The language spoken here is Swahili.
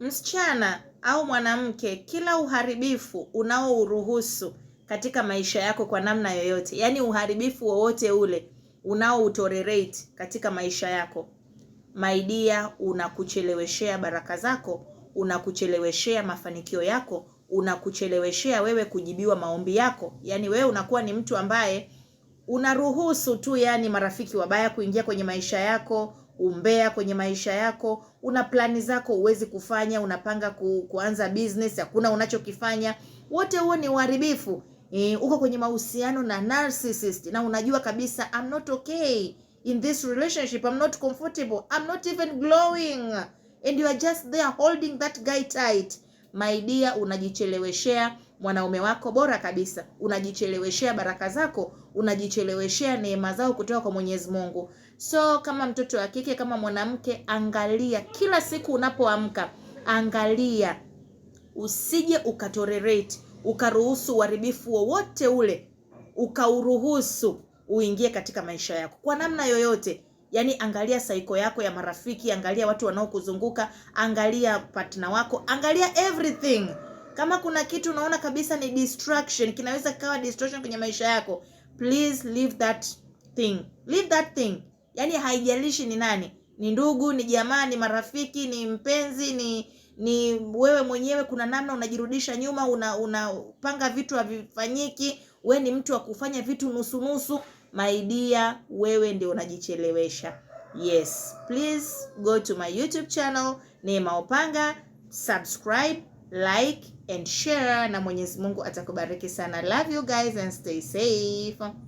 Msichana au mwanamke, kila uharibifu unaouruhusu katika maisha yako kwa namna yoyote, yaani uharibifu wowote ule unaoutolerate katika maisha yako, my dear, unakucheleweshea baraka zako, unakucheleweshea mafanikio yako, unakucheleweshea wewe kujibiwa maombi yako. Yaani wewe unakuwa ni mtu ambaye unaruhusu tu, yani marafiki wabaya kuingia kwenye maisha yako, umbea kwenye maisha yako, una plani zako huwezi kufanya, unapanga ku, kuanza business hakuna unachokifanya, wote huo ni uharibifu. E, uko kwenye mahusiano na narcissist na unajua kabisa I'm not okay in this relationship, I'm not comfortable, I'm not even glowing and you are just there holding that guy tight. My dear, unajicheleweshea mwanaume wako bora kabisa. Unajicheleweshea baraka zako, unajicheleweshea neema zao kutoka kwa Mwenyezi Mungu. So kama mtoto wa kike, kama mwanamke, angalia kila siku unapoamka, angalia usije ukatolerate, ukaruhusu uharibifu wowote ule, ukauruhusu uingie katika maisha yako kwa namna yoyote. yani angalia saiko yako ya marafiki, angalia watu wanaokuzunguka, angalia partner wako, angalia everything. Kama kuna kitu unaona kabisa ni distraction, kinaweza kawa distraction kwenye maisha yako, please leave that thing, leave that thing. Yani haijalishi ni nani, ni ndugu, ni jamaa, ni marafiki, ni mpenzi, ni ni wewe mwenyewe. Kuna namna unajirudisha nyuma, unapanga una vitu havifanyiki, we ni mtu wa kufanya vitu nusunusu. My dear, wewe ndio unajichelewesha. Yes, please go to my YouTube channel Neema Opanga, subscribe like and share, na Mwenyezi Mungu atakubariki sana. Love you guys and stay safe.